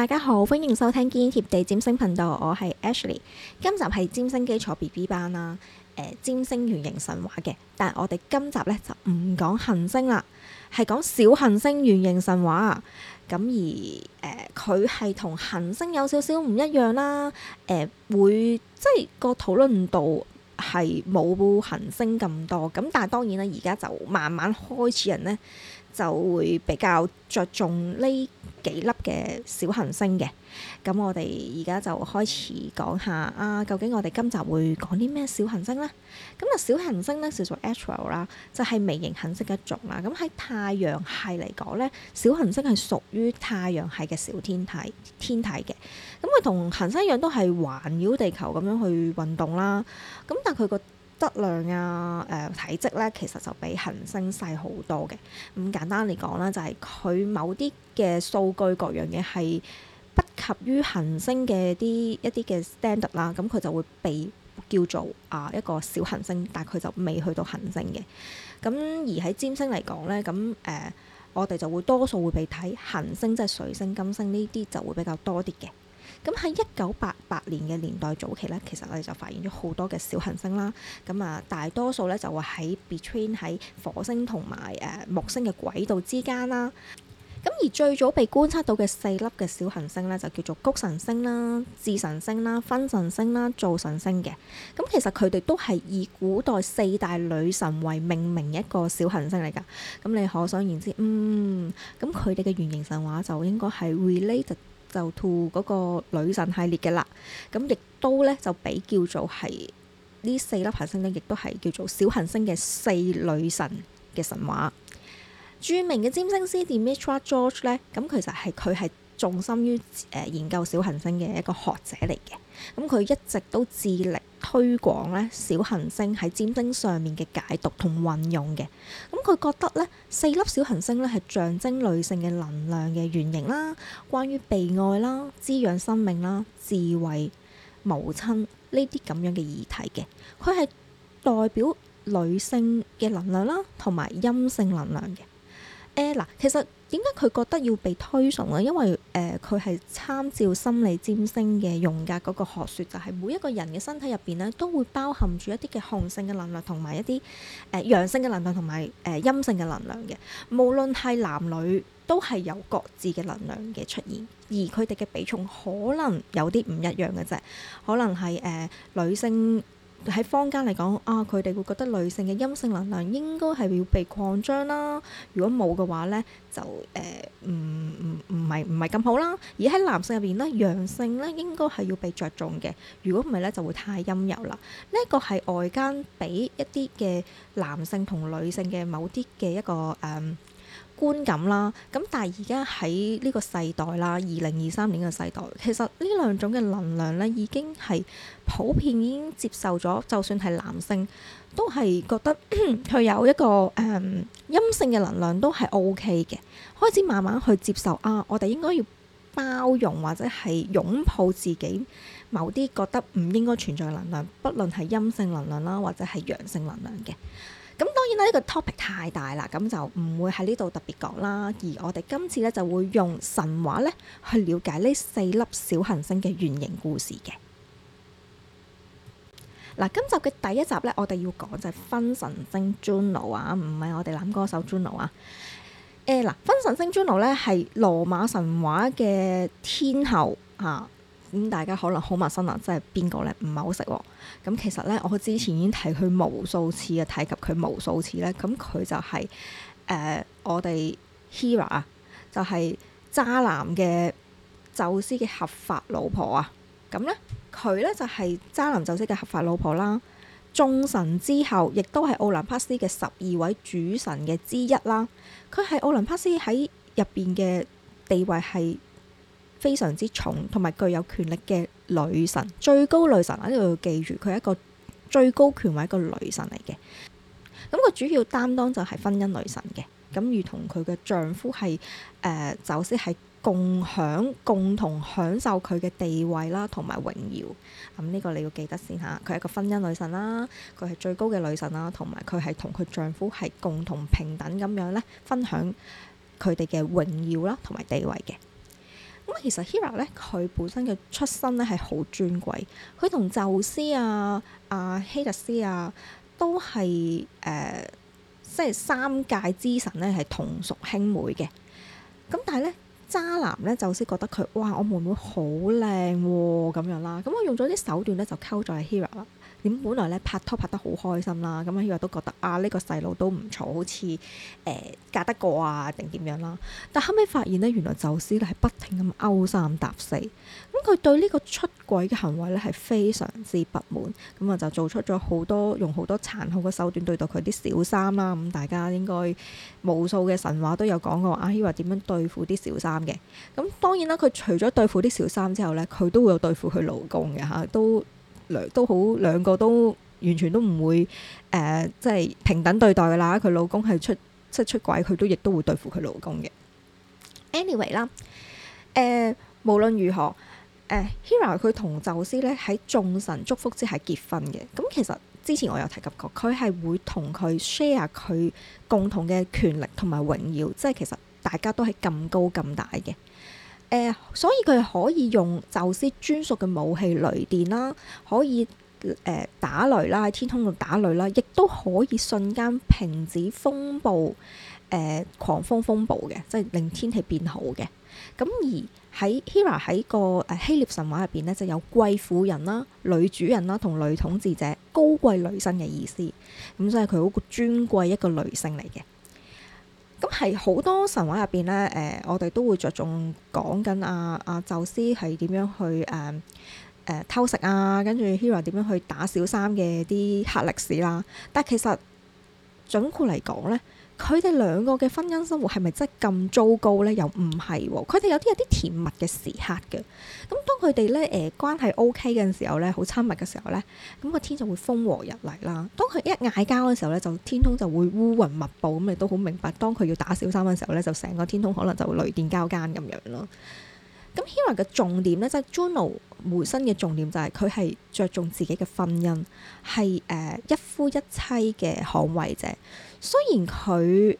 大家好，歡迎收聽堅貼地占星頻道，我係 Ashley。今集係占星基礎 B B 班啦，誒、呃，占星原型神話嘅，但係我哋今集咧就唔講行星啦，係講小行星原型神話。咁而誒，佢係同行星有少少唔一樣啦，誒、呃，會即係個討論度係冇行星咁多。咁但係當然啦，而家就慢慢開始人咧就會比較着重呢。幾粒嘅小行星嘅，咁我哋而家就開始講下啊，究竟我哋今集會講啲咩小行星呢？咁啊，小行星呢，叫做 asteroid 啦，就係微型行星一族啦。咁喺太陽系嚟講呢，小行星屬於係屬於太陽系嘅小天體天體嘅，咁佢同行星一樣都係環繞地球咁樣去運動啦。咁但佢個質量啊，誒、呃、體積咧，其實就比行星細好多嘅。咁、嗯、簡單嚟講啦，就係、是、佢某啲嘅數據各樣嘢係不及於行星嘅啲一啲嘅 standard 啦，咁、嗯、佢就會被叫做啊一個小行星，但係佢就未去到行星嘅。咁、嗯、而喺占星嚟講咧，咁誒、呃、我哋就會多數會被睇行星，即、就、係、是、水星、金星呢啲就會比較多啲嘅。咁喺一九八八年嘅年代早期咧，其實我哋就發現咗好多嘅小行星啦。咁啊，大多數咧就會喺 between 喺火星同埋誒木星嘅軌道之間啦。咁而最早被觀察到嘅四粒嘅小行星咧，就叫做谷神星啦、智神星啦、分神星啦、灶神星嘅。咁其實佢哋都係以古代四大女神為命名一個小行星嚟噶。咁你可想而知，嗯，咁佢哋嘅原型神話就應該係 related。就 to 嗰個女神系列嘅啦，咁亦都咧就比叫做係呢四粒行星咧，亦都係叫做小行星嘅四女神嘅神話。著名嘅占星師 Demetra George 咧，咁其實係佢係重心於誒、呃、研究小行星嘅一個學者嚟嘅，咁佢一直都致力，推廣呢小行星喺占星上面嘅解讀同運用嘅，咁佢覺得呢四粒小行星呢係象徵女性嘅能量嘅原型啦，關於被愛啦、滋養生命啦、智慧、母親呢啲咁樣嘅議題嘅，佢係代表女性嘅能量啦，同埋陰性能量嘅。誒嗱，其實點解佢覺得要被推崇咧？因為誒佢係參照心理占星嘅榮格嗰個學説，就係、是、每一個人嘅身體入邊咧，都會包含住一啲嘅雄性嘅能量同埋一啲誒陽性嘅能量同埋誒陰性嘅能量嘅。無論係男女，都係有各自嘅能量嘅出現，而佢哋嘅比重可能有啲唔一樣嘅啫，可能係誒、呃、女性。喺坊間嚟講，啊，佢哋會覺得女性嘅陰性能量應該係要被擴張啦。如果冇嘅話咧，就誒，唔唔唔，唔係唔係咁好啦。而喺男性入邊咧，陽性咧應該係要被着重嘅。如果唔係咧，就會太陰柔啦。呢一，一個係外間俾一啲嘅男性同女性嘅某啲嘅一個誒、嗯觀感啦，咁但係而家喺呢個世代啦，二零二三年嘅世代，其實呢兩種嘅能量呢已經係普遍已經接受咗，就算係男性都係覺得佢有一個誒、嗯、陰性嘅能量都係 OK 嘅，開始慢慢去接受啊，我哋應該要包容或者係擁抱自己某啲覺得唔應該存在嘅能量，不論係陰性能量啦，或者係陽性能量嘅。咁當然啦，呢個 topic 太大啦，咁就唔會喺呢度特別講啦。而我哋今次咧就會用神話咧去了解呢四粒小行星嘅原型故事嘅嗱。今集嘅第一集咧，我哋要講就係婚神星 Juno 啊，唔係我哋男歌手 Juno 啊。誒、嗯、嗱，婚神星 Juno 咧係羅馬神話嘅天后啊。咁大家可能好陌生啊，即係邊個呢？唔係好識喎。咁其實呢，我之前已經提佢無數次啊，提及佢無數次呢。咁佢就係、是、誒、呃、我哋 Hera，就係渣男嘅宙斯嘅合法老婆啊。咁呢，佢呢就係渣男宙斯嘅合法老婆啦。眾神之後，亦都係奧林匹斯嘅十二位主神嘅之一啦。佢係奧林匹斯喺入邊嘅地位係，非常之重，同埋具有權力嘅女神，最高女神一定要記住，佢係一個最高權位嘅女神嚟嘅。咁佢主要擔當就係婚姻女神嘅，咁如同佢嘅丈夫係誒，宙斯係共享，共同享受佢嘅地位啦，同埋榮耀。咁、這、呢個你要記得先吓，佢係一個婚姻女神啦，佢係最高嘅女神啦，同埋佢係同佢丈夫係共同平等咁樣咧，分享佢哋嘅榮耀啦，同埋地位嘅。咁其實 Hera 咧，佢本身嘅出身咧係好尊貴，佢同宙斯啊、阿 Hades 啊，都係誒、呃，即係三界之神咧係同屬兄妹嘅。咁但係咧，渣男咧，宙斯覺得佢哇，我妹妹好靚咁樣啦，咁我用咗啲手段咧就溝咗 Hera 啦。本來咧拍拖拍得好開心啦，咁阿希華都覺得啊呢個細路都唔錯，好似誒、欸、嫁得過啊定點樣啦？但後尾發現呢，原來宙斯咧係不停咁勾三搭四，咁佢對呢個出軌嘅行為咧係非常之不滿，咁啊就做出咗好多用好多殘酷嘅手段對待佢啲小三啦。咁大家應該無數嘅神話都有講過阿希華點樣對付啲小三嘅。咁當然啦，佢除咗對付啲小三之後呢，佢都會有對付佢老公嘅嚇，都。兩都好，兩個都完全都唔會誒、呃，即係平等對待噶啦。佢老公係出即係出軌，佢都亦都會對付佢老公嘅。Anyway 啦、呃，誒無論如何、呃、Hera 佢同宙斯咧喺眾神祝福之下結婚嘅。咁其實之前我有提及過，佢係會同佢 share 佢共同嘅權力同埋榮耀，即係其實大家都係咁高咁大嘅。誒、呃，所以佢可以用宙斯專屬嘅武器雷電啦，可以誒、呃、打雷啦，喺天空度打雷啦，亦都可以瞬間停止風暴、誒、呃、狂風風暴嘅，即係令天氣變好嘅。咁而喺 Hera 喺個誒、啊、希臘神話入邊咧，就是、有貴婦人啦、女主人啦同女統治者、高貴女生嘅意思。咁所以佢好尊貴一個女性嚟嘅。咁係好多神話入邊呢，誒、呃，我哋都會着重講緊阿阿宙斯係點樣去誒誒、呃呃、偷食啊，跟住 Hera 點樣去打小三嘅啲黑歷史啦、啊。但其實準確嚟講呢。佢哋兩個嘅婚姻生活係咪真係咁糟糕呢？又唔係喎，佢哋有啲有啲甜蜜嘅時刻嘅。咁當佢哋咧誒關係 OK 嘅時候咧，好親密嘅時候咧，咁個天就會風和日麗啦。當佢一嗌交嘅時候咧，就天空就會烏雲密布。咁你都好明白，當佢要打小三嘅時候咧，就成個天空可能就會雷電交加咁樣咯。咁 Hera 嘅重點咧，即係 Juno 本身嘅重點就係佢係着重自己嘅婚姻係誒、呃、一夫一妻嘅捍衞者。雖然佢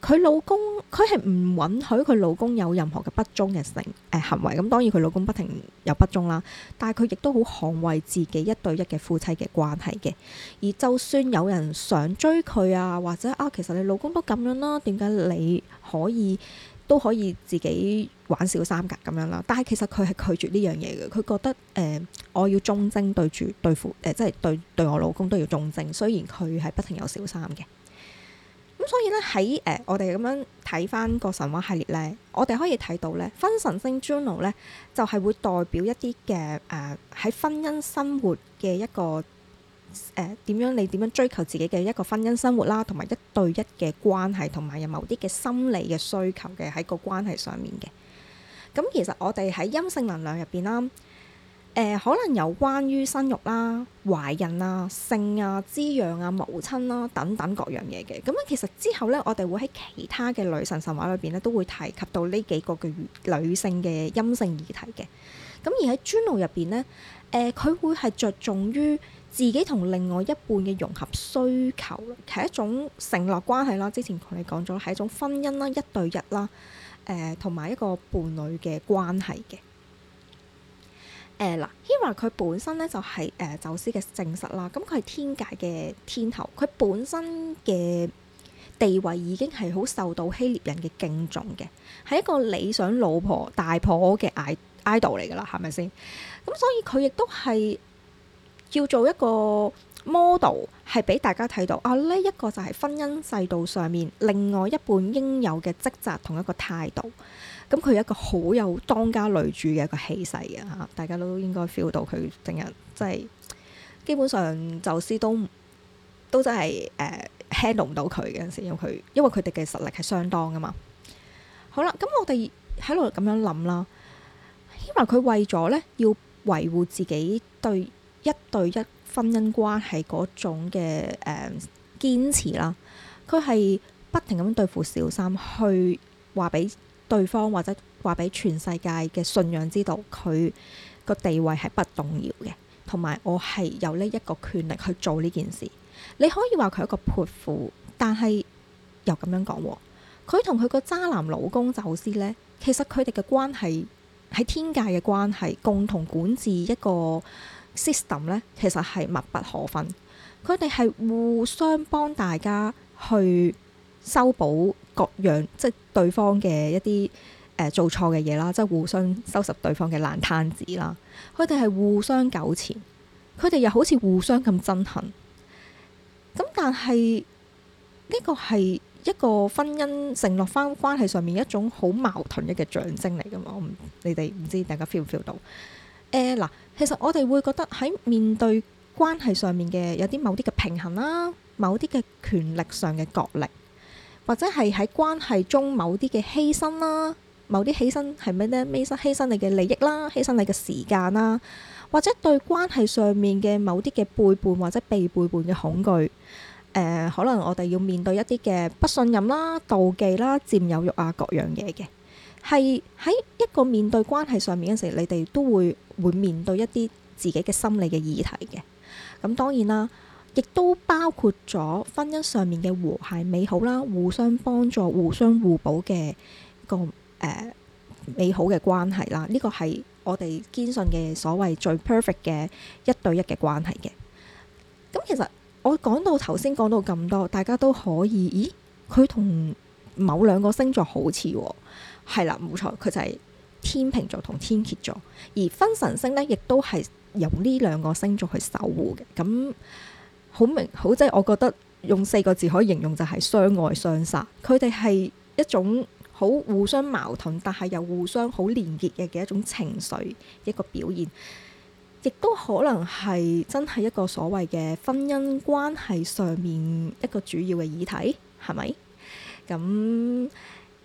佢老公佢係唔允許佢老公有任何嘅不忠嘅性誒行為，咁當然佢老公不停有不忠啦。但係佢亦都好捍衞自己一對一嘅夫妻嘅關係嘅。而就算有人想追佢啊，或者啊，其實你老公都咁樣啦，點解你可以都可以自己玩小三㗎咁樣啦？但係其實佢係拒絕呢樣嘢嘅。佢覺得誒、呃，我要忠貞對住對付誒、呃，即係對對我老公都要忠貞。雖然佢係不停有小三嘅。咁所以咧喺誒，我哋咁樣睇返個神話系列咧，我哋可以睇到咧，婚神星 Juno 咧，就係、是、會代表一啲嘅誒喺婚姻生活嘅一個誒點、呃、樣，你點樣追求自己嘅一個婚姻生活啦，同埋一對一嘅關係，同埋有某啲嘅心理嘅需求嘅喺個關係上面嘅。咁、嗯、其實我哋喺陰性能量入邊啦。誒、呃、可能有關於生育啦、啊、懷孕啊、性啊、滋養啊、母親啦、啊、等等各樣嘢嘅，咁啊，其實之後咧，我哋會喺其他嘅女神神話裏邊咧，都會提及到呢幾個嘅女性嘅陰性議題嘅。咁而喺朱諾入邊咧，誒、呃、佢會係着重於自己同另外一半嘅融合需求，係一種承諾關係啦。之前同你講咗，係一種婚姻啦、一對一啦，誒同埋一個伴侶嘅關係嘅。誒嗱，Hera 佢本身咧就係誒宙斯嘅正室啦，咁佢係天界嘅天后，佢本身嘅地位已經係好受到希臘人嘅敬重嘅，係一個理想老婆大婆嘅 idol 嚟噶啦，係咪先？咁所以佢亦都係叫做一個 model。係俾大家睇到啊！呢一個就係婚姻制度上面另外一半應有嘅職責同一個態度。咁佢一個好有當家女主嘅一個氣勢嘅嚇、啊，大家都應該 feel 到佢整日即係基本上宙斯都都真係 handle 唔到佢嘅陣時，因為佢因為佢哋嘅實力係相當噶嘛。好啦，咁我哋喺度咁樣諗啦。希望佢為咗呢，要維護自己對一對一婚姻關係嗰種嘅誒堅持啦，佢係不停咁對付小三，去話俾對方或者話俾全世界嘅信仰知道，佢個地位係不動搖嘅，同埋我係有呢一個權力去做呢件事。你可以話佢係一個潑婦，但係又咁樣講喎。佢同佢個渣男老公宙斯呢，其實佢哋嘅關係喺天界嘅關係，共同管治一個。system 咧其實係密不可分，佢哋係互相幫大家去修補各樣，即係對方嘅一啲誒、呃、做錯嘅嘢啦，即係互相收拾對方嘅爛攤子啦。佢哋係互相糾纏，佢哋又好似互相咁憎恨。咁但係呢個係一個婚姻承諾返關係上面一種好矛盾一嘅象徵嚟㗎嘛？我唔，你哋唔知大家 feel 唔 feel 到？誒，嗱，其實我哋會覺得喺面對關係上面嘅有啲某啲嘅平衡啦，某啲嘅權力上嘅角力，或者係喺關係中某啲嘅犧牲啦，某啲犧牲係咩呢？咩犧牲你嘅利益啦，犧牲你嘅時間啦，或者對關係上面嘅某啲嘅背叛或者被背叛嘅恐懼，呃，可能我哋要面對一啲嘅不信任啦、妒忌啦、佔有慾啊，各樣嘢嘅。係喺一個面對關係上面嘅時你哋都會會面對一啲自己嘅心理嘅議題嘅。咁當然啦，亦都包括咗婚姻上面嘅和諧美好啦，互相幫助、互相互補嘅一個誒、呃、美好嘅關係啦。呢個係我哋堅信嘅所謂最 perfect 嘅一對一嘅關係嘅。咁其實我講到頭先講到咁多，大家都可以，咦？佢同某兩個星座好似。係啦，冇錯，佢就係天秤座同天蠍座，而婚神星呢，亦都係由呢兩個星座去守護嘅。咁好明好，即係我覺得用四個字可以形容就係相愛相殺。佢哋係一種好互相矛盾，但係又互相好連結嘅嘅一種情緒一個表現，亦都可能係真係一個所謂嘅婚姻關係上面一個主要嘅議題，係咪？咁。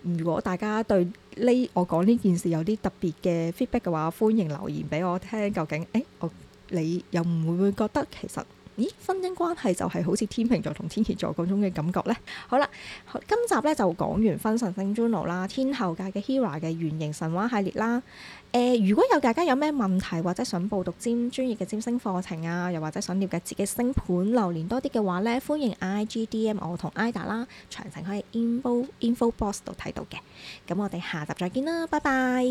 如果大家對呢我講呢件事有啲特別嘅 feedback 嘅話，歡迎留言畀我聽。究竟誒、欸，我你又唔會唔覺得其實？咦，婚姻關係就係好似天秤座同天蠍座嗰種嘅感覺呢。好啦，今集呢就講完婚神星 Juno 啦，天后界嘅 Hera 嘅原型神話系列啦、呃。如果有大家有咩問題或者想報讀尖專業嘅占星課程啊，又或者想了解自己星盤流年多啲嘅話呢，歡迎 I G D M 我同 Ida 啦，詳情可以 info info box 度睇到嘅。咁我哋下集再見啦，拜拜。